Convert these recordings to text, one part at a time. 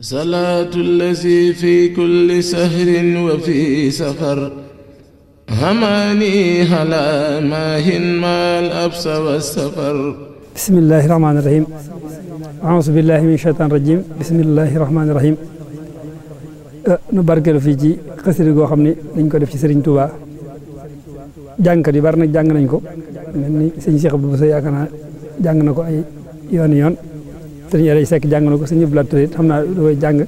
salaatu allazi fi kulli sahrin wa fi safar hamaani ala maahin maal absa wa safar bismillahi rahmaani rahim auzu min shaytaan rajim bismillahi rahim nu barkeelu fii ci xasida goo xam ne dañ ko def ci Sëriñ Tuubaa jàngkat yu bari nag jàng nañ ko mel ni sëñ Cheikh Abdou Bousso yaakaar na ko ay yooni yoon sëñ Yàlla Seck jàng na ko sëñ Abdou Lahad Touré xam naa da koy jàng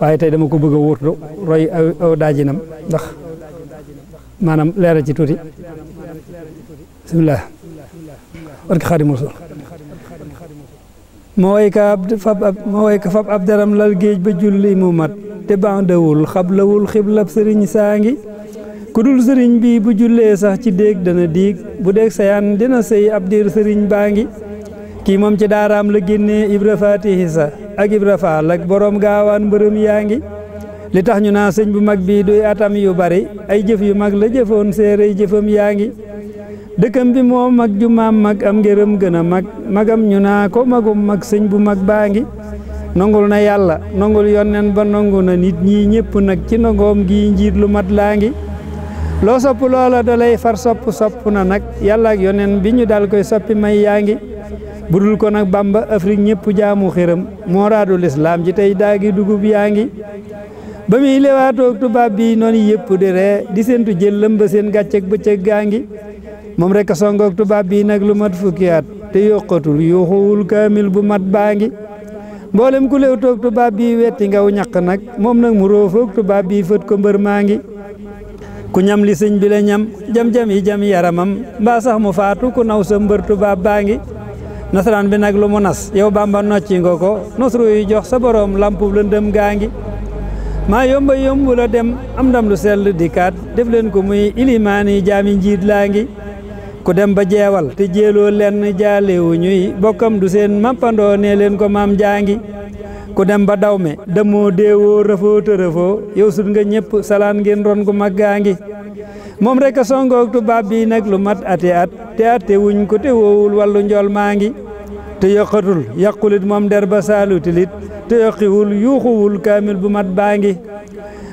waaye tey dama ko bëgg a wóorlu roy aw daajinam ndax maanaam leeral ci tuuti bisimilah barke Xaadimu Rasuul ma way ma way ka fab ab daram lal géej ba julli mu mat te bandawul xablawul xiblab sëriñ saa ngi ku dul sëriñ bi bu jullee sax ci déeg dana diig bu déeg sayaan dina sëy ab diir sëriñ baa ngi kii moom ci daaraam la génnee Ibra Fatihi sa ak Ibra Faal ak borom gaawaan mbërëm yaa ngi li tax ñu naa sëñ bu mag bii duy atam yu bari ay jëf yu mag la jëfoon séeréy jëfam yaa ngi dëkkam bi moo mag ju maam mag am ngërëm gën a mag magam ñu naa ko magum mag sëñ bu mag baa ngi nongul na yàlla nongul yonnen ba nongu na nit ñi ñëpp nag ci nongoom gi njiit lu mat laa ngi loo sopp loola da lay far sopp sopp na nag yàlla ak bi ñu daal koy bu dul ko nag Bamba Afrique ñëpp jaamu xiram mooraadul islaam ji tey daagi dugub yaa ngi ba muy lewaatoog tubaab bii noon yëpp di ree di séentu jëllam ba seen gàcceg bëccëg gaa ngi moom rekk songoog tubaab bii nag lu mat fukki te yokkatul yuuxuwul kaamil bu mat baa ngi mboolem ku lew tubaab bi wetti ngaw ñaq nag moom nag mu roofoog tubaab bi fët ko mbër maa ngi ku ñam li sëñ bi ñam jam-jam yi jam yaramam mbaa sax mu faatu ku naw sa mbër tubaab baa ngi nasaraan bi nag lu mu nas yow bamba nocci nga ko nosru yu jox sa boroom lampub lëndëm gaa ngi maa yomba yombu la dem am dam lu sell di kaat def leen ko muy ilimaani jaami jiit laa ngi ku dem ba jeewal te jéeloo lenn jaalewu ñuy bokkam du seen mampandoo nee leen ko maam jaa ngi ku dem ba dawme demoo deewoo rëfoo te rëfoo nga ñëpp salaan ngeen ron gu mag gaa ngi moom rek a songoog tubaab bi nag lu mat ati at te atte wuñ ko te woowul wàllu njool maa ngi te yoqatul yàqulit moom der ba saalutilit te yoqiwul yuuxuwul kaamil bu mat baa ngi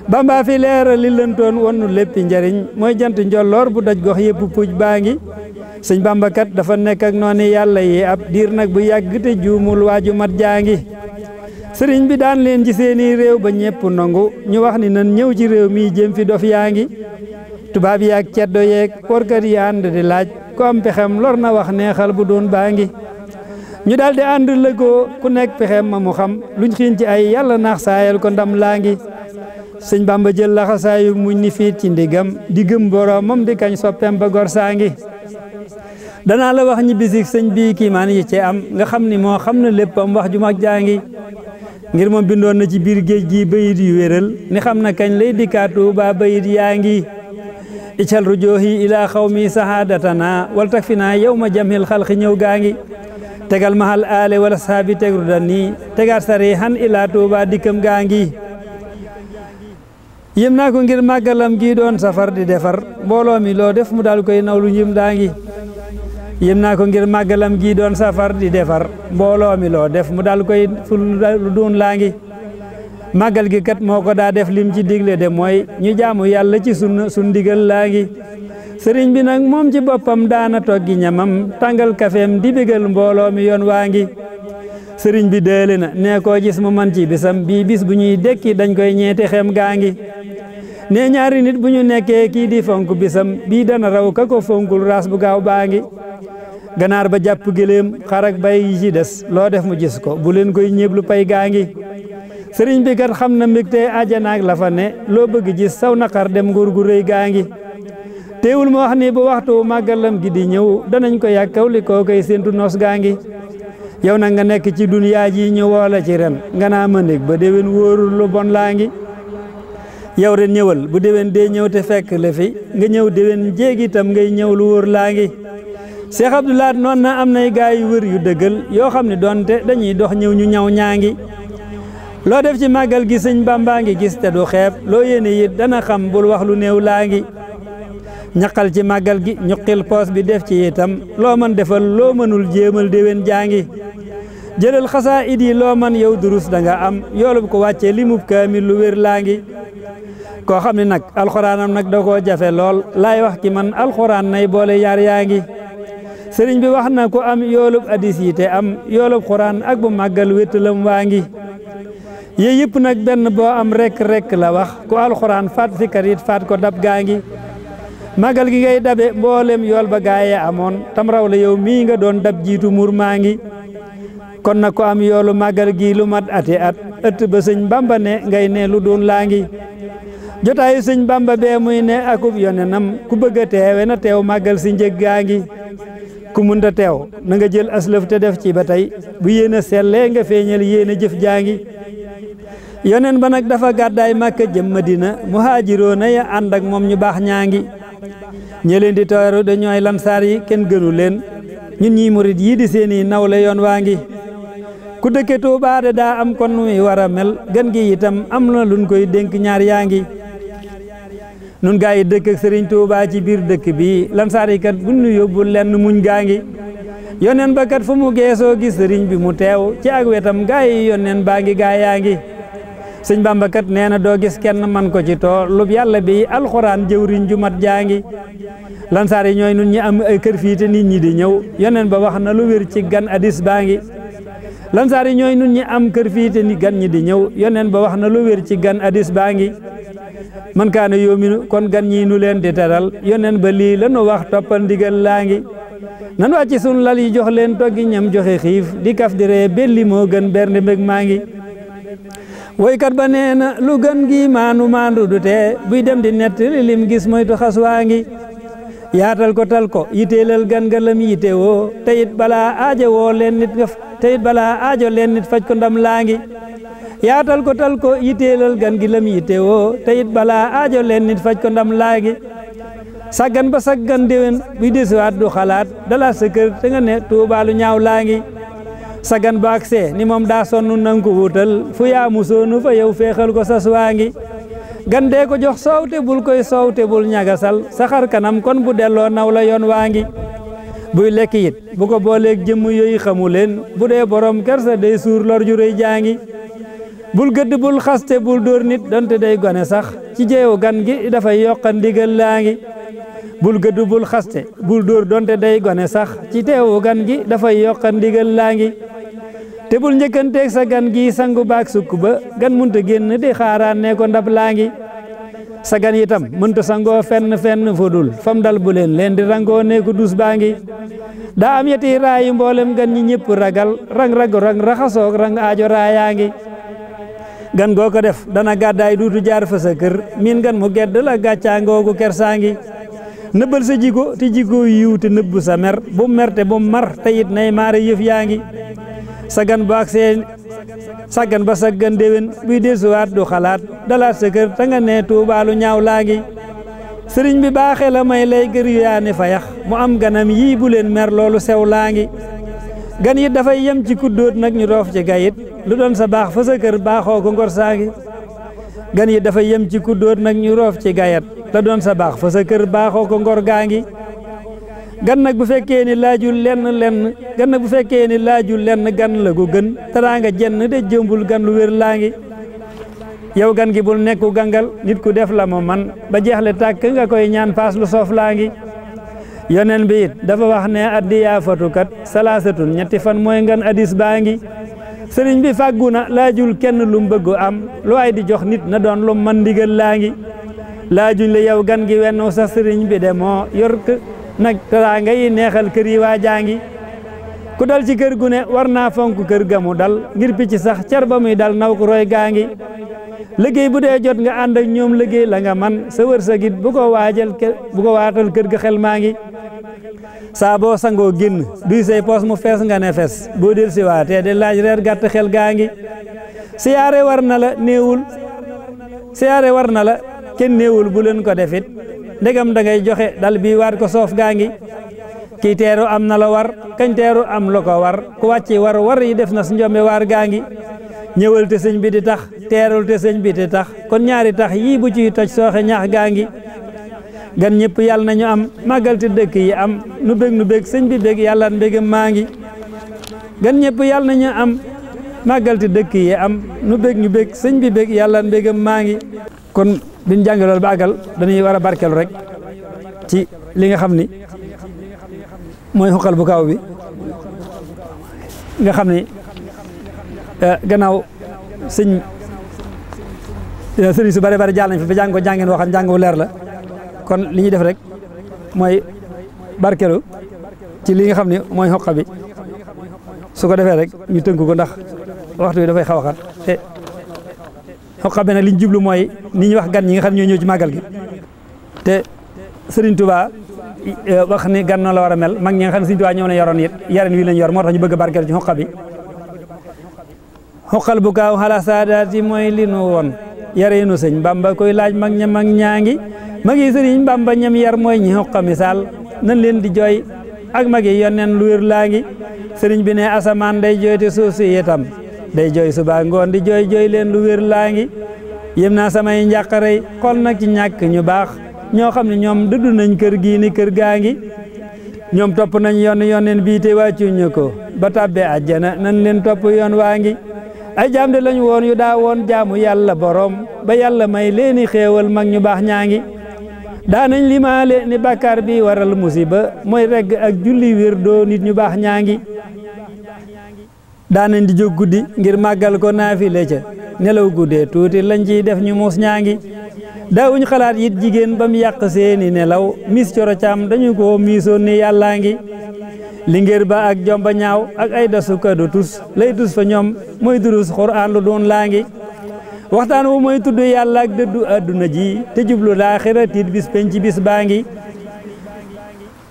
bambaa fi leera li wonnu léppi njariñ mooy jant njolloor bu daj gox yëpp puj baa ngi sëñ bambakat dafa nekk ak noonu yàlla yi ab diir nag bu yàgg te juumul waaju mat jaa ngi sëriñ bi daan leen ci seeni réew ba ñépp nangu ñu wax ni nan ñëw ci réew mii jëm yaa ngi tubaab yaag ceddo yeeg korkat yi ànd di laaj ku am pexem lor na wax neexal bu doon baa ngi ñu daal di ànd lëgoo ku nekk pexem ma mu xam luñ xiin ci ay yàlla nax saayal ko ndam laa ngi sëñ bamba jël laxasaayu muñ ni fiit ci ndigam di gëm boroomam di kañ soppem ba gor saa ngi danaa la wax ñi bisik sëñ bii kiimaan yi ci am nga xam ni moo xam na léppam wax ju mag jaa ngi ngir moom bindoon na ci biir géej gi bayit yu wéral ni xam na kañ lay dikkaatu baa ical rujohi ila xawmi sahadatana wal tak fi naa yow ma jamhil xalqi ñëw gaa ngi tegal mahal ale wala saabi tegru dan nii tegaat sari han ila tuuba dikkam gaa ngi yim naa ko ngir màggalam gii doon safar di defar mbooloo mi loo def mu daal koy nawlu yim daa ngi yim naa ko ngir màggalam gii doon safar di defar mbooloo mi loo def mu daal koy ful duun laa ngi màggal gi kat moo ko daa def lim ci digle de mooy ñu jaamu yàlla ci sun sun digal laa ngi sëriñ bi nag moom ci boppam daana toggi ñamam tàngal kafeem di bégal mbooloo mi yoon waa ngi sëriñ bi déeli na nee koo gis mu man ci bisam bii bis bu ñuy dekki dañ koy ñeeti xem gaa ngi nee ñaari nit bu ñu nekkee kii di fonk bisam bii dana raw ka ko fonkul raas bu gaaw baa ngi ganaar ba jàpp gëléem xar ak bay yi ci des loo def mu gis ko bu leen koy ñéblu pay sëriñ bi kat xam na mbég tey ajanaak la fa ne loo bëgg ji saw naqar dem nguur gu rëy gaa ngi teewul mu wax ni bu waxtu màggallam gi di ñëw danañ ko yàkkaw li koo koy séentu nos gaa ngi yow nag nga nekk ci dunyaa ji ñu woola ci ren nga naa mëndig ba déwén wóorul lu bon laa ngi yow ren ñëwal bu déwén dee ñëw te fekk la nga ñëw déwén jéeg itam ngay ñëw lu wóor laa ngi Cheikh Abdoulaat noon na am nay gaay yu wër yu dëggal yoo xam ne doonte dañuy dox ñëw ñu ñaw ñaa ngi loo def ci màggal gi sëñ bàmbaa ngi gis te du xeeb loo yéene it dana xam bul wax lu néew laa ngi ñaqal ci màggal gi ñuqil poos bi def ci itam loo mën defal loo mënul jéemal déwén jaa ngi jëlal xasaa it loo man yow durus da nga am yoolub ko wàccee limub kaamil lu wér laa ngi koo xam ne nag alxuraanam nag da ko jafe lool lay wax ki man alxuraan nay boole yar yaa ngi sëriñ bi wax na ku am yoolub addis yi am yoolub xuraan ak bu màggal wéttalam waa ngi yooyu yëpp nag benn boo am rekk rekk la wax ku alxuraan faat sikkar it faat ko dab gaa ngi màggal gi ngay dabe mboolem yool ba gaa yee amoon tam raw la yow mii nga doon dab jiitu muur maa ngi kon na ku am yoolu magal gi lu mat ati at ëtt ba sëñ bamba ne ngay ne lu doon laa ngi jotaayu sëñ bamba bee muy ne akub yonenam ku bëgg a teewe na teew màggal si njég gaa ngi ku munta teew na nga jël aslëf te def ci ba tey bu yéen a sellee nga feeñal yéen a jëf jaa yoneen ba nag dafa gàddaay màkka jëm madina muhaajiroona ya ànd ak moom ñu baax ñaa ngi ñi leen di tooru dañooy lamsaar yi kenn gënu leen ñun ñii murit yii di seeni nawle yoon waa ngi ku dëkke Tuubaa de daa am kon muy war a mel gën gi itam am na luñ koy dénk ñaar yaa ngi nun gaa yi dëkk ak sëriñ Tuubaa ci biir dëkk bi lamsaar yi kat buñ yóbbu lenn muñ gaa ngi yoneen ba kat fu mu geesoo gi sëriñ bi mu teew ci ak wetam gaa yi baa ngi gaa yaa ngi sëñ Bamba kat nee na doo gis kenn man ko ci toolub yàlla bi alxuraan jëwriñ ju mat jaa ngi lansaar yi ñooy nun ñi am ay kër fii te nit ñi di ñëw yoneen ba wax na lu wér ci gan addis baa ngi lansaar yi ñooy nun ñi am kër fii te ni gan ñi di ñëw yoneen ba na lu wér ci gan addis baa ngi man kaana yoominu kon gan ñii nu leen di teral yoneen ba lii lanu wax toppal ndigal laa ngi nan wàcc sun lal yi jox leen toggi ñam joxe xiif di kaf di ree belli moo gën bernde mbég maa ngi woykat ba nee na lu gën gi maanu maandu du tee buy dem di nettali gis moytu xas waa ngi yaatal ko tal ko yiteelal gan nga lam yite woo teyit balaa aajo woo leen nit nga balaa aajo leen nit faj ko ndam laa ngi yaatal ko tal ko yiteelal gan gi lam yite woo teyit balaa aajo leen nit faj ko ndam laa ngi saggan ba saggan déwén buy desiwaat du xalaat dalaat sa kër nga ne tuubaalu ñaaw laa ngi sa gan ba agsee ni moom daa sonn nanga ko wutal fu yaa musoonu fa yow féexal ko sas waa ngi gan dee ko jox soow soowte bul koy soowte bul ñagasal saxar kanam kon bu delloo naw la yoon waa ngi buy lekk it bu ko booleeg jëmm yooyu xamu leen bu dee borom kersa day suur lor ju jaa ngi bul gëdd bul xaste bul dóor nit donte day gone sax ci jeewu gan gi dafay yokk ndigal laa ngi bul gëdd bul xaste bul dóor donte day gone sax ci teewu gan gi dafay te bul njëkkanteeg sa gan gi sangu baak sukk ba gan munta génn di xaaraan ne ko ndab laa ngi sa gan itam munta sangoo fenn fenn fudul fam dal bu leen leen di rangoo ne ko dus baa ngi daa am yeti raayi mboolem gan ñi ñëpp ragal rang rago rang raxasoog rang aajo raayaa ngi gan goo ko def dana gàddaay duutu jaar fa sa kër miin gan mu gedd la gàccaangoogu kersaa ngi nëbbal sa jiko ti jikoo yiw te nëbbu sa mer bu mer te bu mar te it nay maare yëf yaa ngi sagan ba ak seen sagan ba saggan déwén buy desuwaat du xalaat dalaat sa kër te nga ne tuubaalu ñaaw laa ngi sëriñ bi baaxee la may lay gër yu yaa ni fayax mu am ganam yii bu leen mer loolu sew laa ngi gan it dafay yem ci kuddóot nag ñu doof ci gayit lu doon sa baax fa sa kër baaxoo ko ngor saa ngi gan yi dafa yem ci ku dóor nag ñu roof ci gayat la doon sa baax fa sa kër baaxoo ko ngor gaa ngi gan nag bu fekkee ni laajul lenn lenn gan nag bu fekkee ni laajul lenn gan la gu gën nga jenn de jëmbul gan lu wér laa ngi yow gan gi bul nekku gangal nit ku def la mu man ba jeexle tàkk nga koy ñaan paas lu soof laa ngi yonen bi it dafa wax ne addiyaa fatukat salaasatun ñetti fan mooy ngan addis baa ngi sëriñ bi fàggu na laajul kenn lu mu bëgg am lu di jox nit na doon lu man ndigal laa ngi laajuñ la yow gan gi wennu sa sëriñ bi de moo yor nag talaa ngay neexal kër yi waa jaa ngi ku dal ci kër gu ne war naa fonk kër ga mu dal ngir picc sax car ba muy dal naw ko roy gaa ngi liggéey bu dee jot nga ànd ñoom liggéey la nga man sa wërsëg it bu ko waajal bu ko waatal kër ga xel maa ngi saa boo sangoo génn duy say poos mu fees nga ne fees boo del siwaatee di laaj reer gàtt xel gaa ngi siyaare war na la néewul siyaare war na la kenn néewul bu leen ko defit ndegam da ngay joxe dal bi waat ko soof gaa ngi kii teeru am na la war kañ teeru am la ko war ku wàcci war war yi def na si njombe waar gaa ngi ñëwal te bi di tax teerul te bi di tax kon ñaari tax yii bu ciy toj sooxe ñax gaa ngi gan ñëpp yàlla nañu am màggal te dëkk yi am nu bég nu bég sëñ bi bég yàlla mbégam maa ngi gan ñëpp yàlla nañu am màggal te dëkk yi am nu bég ñu bég sëñ bi bég yàlla mbégam maa ngi kon biñ jàngi loolu ba àggal dañuy war a barkeelu rek ci li nga xam ni mooy xuqal bu kaaw bi nga xam ni eh, gannaaw sëñ eh, sëriñ su bare bare jàll nañ fa jàng ko jàngeen waxam jàng wu leer la kon li ñuy def rek mooy barkeelu ci li nga xam ne mooy xoqa bi su ko defee rek ñu tënk ko ndax waxtu wi dafay xaw a xat te xoqa bi nag li ñu jublu mooy ni ñuy wax gan ñi nga xam ne ñoo ñëw ci màggal gi te Serigne Touba eh, wax ni gan noonu la war a mel mag ñi xam ne Serigne Touba ñoo ne yoroon it yaren wi lañ yor moo tax ñu bëgg a barkeelu ci xoqa bi xoqal bu kaaw xala saadaat mooy li nu woon yare nu sëñ Bamba koy laaj mag ña mag ñaa ngi mag yi sëriñ Bàmba ñam yar mooy ñi xoqa misaal nan leen di jooy ak mag yi yonneen lu wér laa ngi sëriñ bi ne asamaan day jooy te suuf si day jooy suba ngoon di jooy jooy leen lu wér laa ngi yëm naa samay njàqarey xool nag ci ñàkk ñu baax ñoo xam ne ñoom du nañ kër gii ni kër gaa ngi ñoom topp nañ yon yonneen bii te wàccuñu ko ba tàbbee àjjana nan leen topp yoon waa ngi ay jaam de lañ woon yu daa woon jaamu yàlla boroom ba yàlla may leeni xéewal mag ñu baax ñaa ngi daanañ limaale ni bàkkaar bi waral musiba mooy regg ak julli wér doo nit ñu baax ñaa ngi daanañ di jóg guddi ngir màggal ko naafile ca nelaw guddee tuuti lañ ciy def ñu muus ñaa ngi daawuñ xalaat yit jigéen ba mu yàq seeni nelaw mis coro caam dañu ko miisoon ni yàllaa ngi lingéer ba ak jomba ñaaw ak ay dasu kado tus lay tus fa ñoom mooy durus xuraan lu doon laa ngi waxtaan wu mooy tudd yàlla ak dëddu àdduna ji te jublu laaxira tiit bis penc bis baa ngi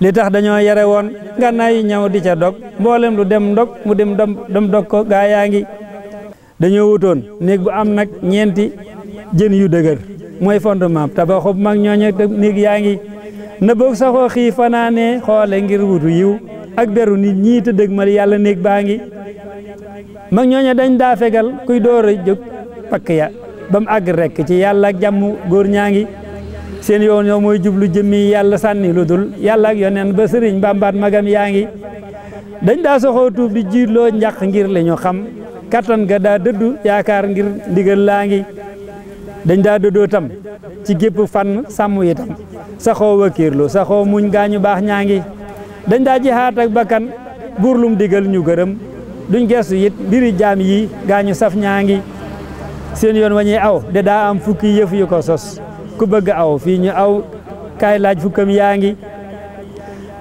li tax dañoo yare woon ngànnaay yi ñaw di ca dog mboolem lu dem ndog mu dem dem dog ko gaa yaa ngi dañoo wutoon néeg bu am nag ñeenti jën yu dëgër mooy fondement tabaxub mag ñooñu néeg yaa ngi na boog saxoo xii fanaane xoole ngir wutu yiw ak beru nit ñii te ma yàlla néeg baa ngi mag ñooñu dañ daa fegal kuy door a jóg pakk ya ba mu àgg rek ci yàlla ak jàmm góor ñaa ngi seen yoon yoo mooy jublu jëmmi yàlla sànni lu dul yàlla ak yoneen ba sëriñ bambaat magam yaa ngi dañ daa soxoo tuub di jiitloo njàq ngir li xam kattan ga daa dëddu yaakaar ngir ndigal laa ngi dañ daa dëddoo tam ci gépp fànn sàmm itam saxoo wakiirlu saxoo muñ gaañu baax ñaa ngi dañ daa jihaat ak bakkan buur lum ñu gërëm duñ geesu it mbiri jaam yi gaañu saf ñaa ngi seen yoon wañuy aw de daa am fukki yëf yu ko sos ku bëgg aw fii ñu aw kaay laaj fukkam yaa ngi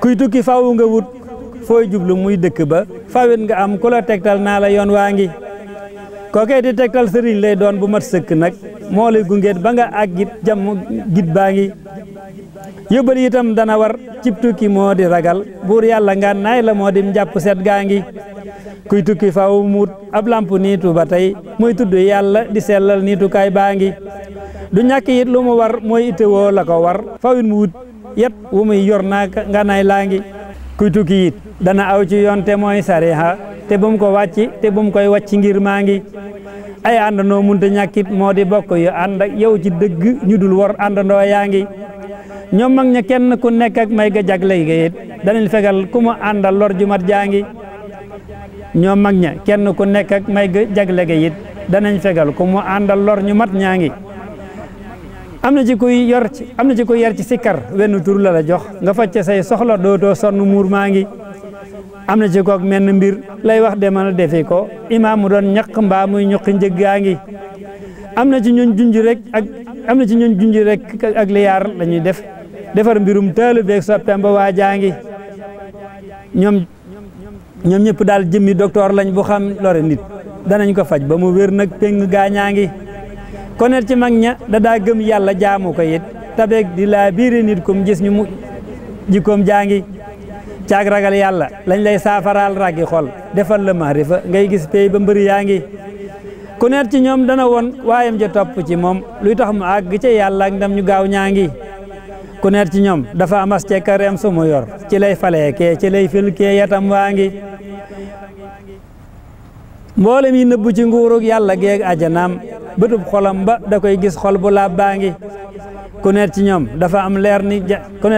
kuy tukki faaw nga wut fooy jublu muy dëkk ba fawit nga am ku la naa la yoon waa ngi kookee di tegtal sëriñ lay doon bu mat sëkk nag moo lay gungeet ba nga ak git jam git baa ngi yóbbal itam dana war cib tukki moo di ragal buur yàlla nga naay la moo di njàpp set gaa ngi kuy tukki faaw mu ab lamp niitu ba tey mooy tudd yàlla di sellal niitukaay baa ngi du ñàkk it lu mu war mooy itewoo la ko war fawin mu wut yet wu yor naa nga laa ngi kuy tukki dana aw ci yoon te mooy te bu ko wàcci te bu koy wàcc ngir maa ngi ay àndandoo munta ñàkkit moo di bokk yu ànd ak yow ci dëgg ñu dul wor àndandoo yaa ngi ñoom mag ña kenn ku nekk ak may ga jagle ga it danañ fegal ku mu mat jaa ngi ñoo mag ña kenn ku nekk ak may jagle ga it danañ fegal ku mu àndal lor ñu mat ñaa ngi am na ci kuy yor am na ci kuy ci sikkar wenn tur la la jox nga facce say soxla dootoo sonn muur maa ngi am na ci kook menn mbir lay wax demal defi ko imaam mu doon ñaq mbaa muy ñuqi njëggaa ngi am na ci ñun junj rek ak na ci ñun junj rek ak liyaar la def defar mbirum taalu beeg soppeem ba waa jaa ngi ñoom ñoom ñëpp daal jëmmi docteur lañ bu xam lore nit danañ ko faj ba mu wér nag péng gaañaa ngi konel ci mag ña da daa gëm yàlla jaamu ko it tabeeg di laa biiri nit kum gis ñu mu jikkoom jaa ngi caag ragal yàlla lañ lay saafaraal ragi xol defal la maarifa ngay gis pay ba mbëri yaa ngi ku ci ñoom dana woon waayam ja topp ci moom luy tax mu àgg ca yàlla ndam ñu gaaw ñaa ngi ku ci ñoom dafa amas cekkareem su mu yor ci lay falee ci lay fil mboolem yi nëbbu ci nguurug yàlla geeg ajanaam bëtub xolam ba da koy gis xol bu laab baa ngi ku ci ñoom dafa am leer ni ku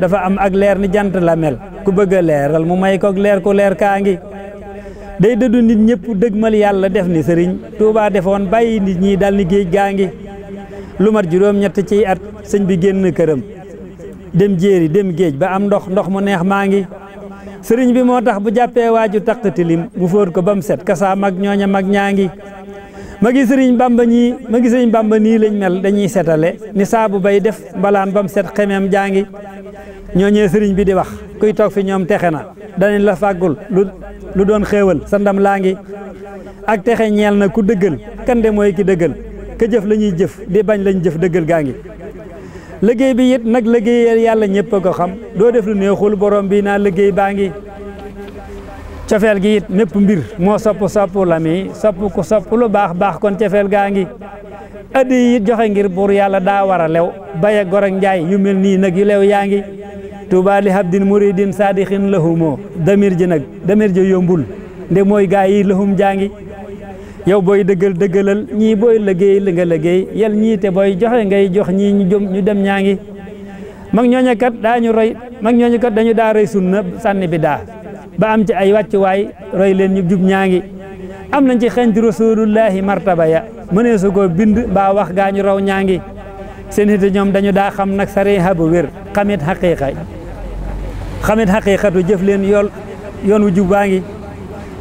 dafa am ak leer ni jant la ku bëgg a leeral mu may koog leer ku leer kaa ngi day dëddu nit ñëpp dëgmal yàlla def ni sëriñ Tuubaa defoon bàyyi nit ñi dal ni géej gaa ngi lu mat juróom ñett ciy at sëñ bi génn këram dem jéeri dem géej ba am ndox ndox mu neex maa ngi sëriñ bi moo tax bu jàppee waaju taq tilim mu fóot ko ba mu set kasaa mag ñooña mag ñaa ngi magi sëriñ bamba ñii magi sëriñ bamba nii lañ mel dañuy setale ni saabu bay def mbalaan ba mu set xemeem jaa ngi ñooñee sëriñ bi di wax kuy toog fi ñoom texe na danañ la fàggul lu lu doon xéewal sa ndam laa ngi ak texe ñeel na ku dëggal kande mooy ki dëggal ka jëf la ñuy jëf di bañ lañ jëf dëggël gaa ngi liggéey bi it nag liggéeyal yàlla ñëpp a ko xam doo def lu neexul borom bi naa liggéey baa ngi cofeel gi it mépp mbir moo sopp sopp la mi sopp ku sopp lu baax baax kon cofeel gaa ngi addi yi joxe ngir buur yàlla daa war a lew baya gor ak njaay yu mel nii nag yu lew yaa ngi tuuba li habdin muridin saadixin lahumoo damir ji nag damir ji yombul gaa yi lahum jaa ngi yow booy dëggal dëggalal ñii booy liggéey li nga liggéey yal ñii te booy joxe ngay jox ñii ñu jëm ñu dem ñaa ngi mag ñooñu kat daañu roy mag ñooñu kat dañu daa roy sunna sànni bi daa ba am ci ay wàccuwaay roy leen ñu jub ñaa ngi am nañ ci xent rasulullahi martaba ya mënee su koo bind mbaa wax gaa ñu raw ñaa ngi seen ite ñoom dañu daa xam nag sariha bu wér xamit xaqiqa xamit jëf leen yool yoon wu jub baa ngi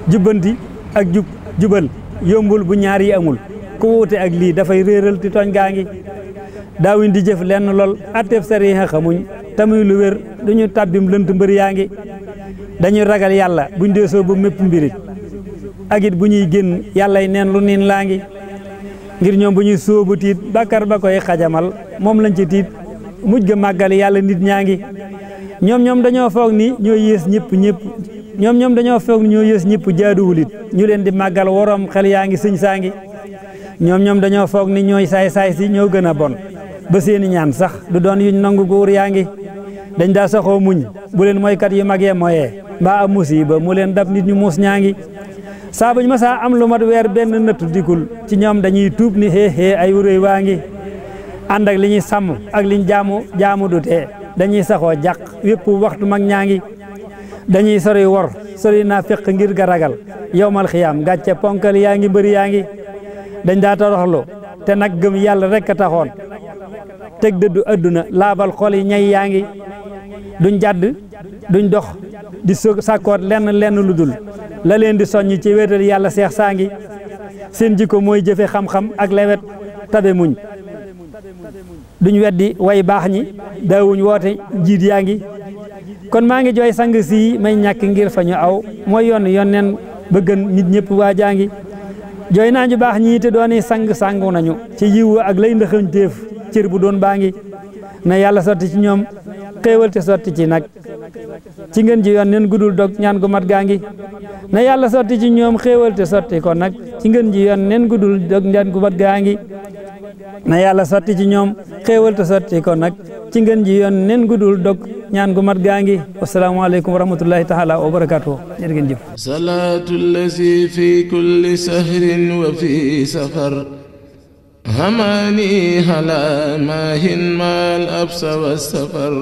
jubbanti ak jub jubal yombul bu ñaar yi amul ku wuute ak lii dafay réeral ti tooñ gaa ngi daawuñ di jëf lenn lool atteb sariha xamuñ tamuy lu wér duñu tàbbim lënt mbër yaa ngi dañuy ragal yàlla buñ dee soo ba mépp mbirit ak bu ñuy génn yàllay neen lu niin laa ngi ngir ñoom bu ñuy sóobu tiit bàkkar ba koy xajamal moom lañ ci tiit ga màggal yàlla nit ñaa ngi ñoom ñoom dañoo foog ni ñoo yées ñëpp ñëpp ñoom ñoom dañoo foog ñoo yées ñëpp jaaduwul ñu leen di màggal woroom xel yaa ngi sëñ saa ngi ñoom ñoom dañoo foog ni ñooy saay-saay si ñoo gën a bon ba seeni ñaan sax du doon yuñ nangu góor yaa ngi dañ daa saxoo muñ bu leen moykat yu mag moye mooyee mbaa am musiba mu leen dab nit ñu muus ñaa ngi saa buñ masaa am lu mat weer benn nëtt dikul ci ñoom dañuy tuub ni xee xee ay wuréy waa ngi ànd ak li ñuy sàmm ak liñ jaamu jaamu du tee dañuy saxoo jàq wépp waxtu mag ñaa ngi dañuy sori wor sori naa feq ngir garagal ragal yowmal xiyaam gàcce ponkal yaa ngi mbëri yaa ngi dañ daa toroxlu te nag gëm yàlla rek a taxoon teg dëddu adduna laabal xol yi ñay yaa ngi duñ jàdd duñ dox di sakkoot lenn lenn lu dul la leen di soññ ci wéetal yàlla seex saa ngi seen jikko mooy jëfe xam-xam ak lewet tabe muñ duñ weddi way baax ñi daawuñ woote njiit yaa ngi kon maa ngi jooy sang si may ñàkk ngir fa aw mooy yoon yonneen ba gën nit ñëpp waa jaangi jooy naa ñu baax ñii te dooni sang sangu nañu ci yiwu ak lay ndëxañ téef cër bu doon baa ngi na yàlla sotti ci ñoom xéewal te sotti ci nag ci ngeen ji yoon neen gudul dog ñaan gu mat gaa ngi na yàlla sotti ci ñoom xéewal te sotti ko nag ci ngeen ji yoon neen gudul dog ñaan gu mat gaa na yàlla sotti ci ñoom xéewal te sotti ko nag ci ngeen ji yoon nen gudul dog ñaan gu mat gaa ngi wasalaamaaleykum wa rahmatullahi taala wa barakatuhu jërë ngeen jëf salaatu allazi fi kulli sahrin wa fi safar hamani hala mahin mal absa wa safar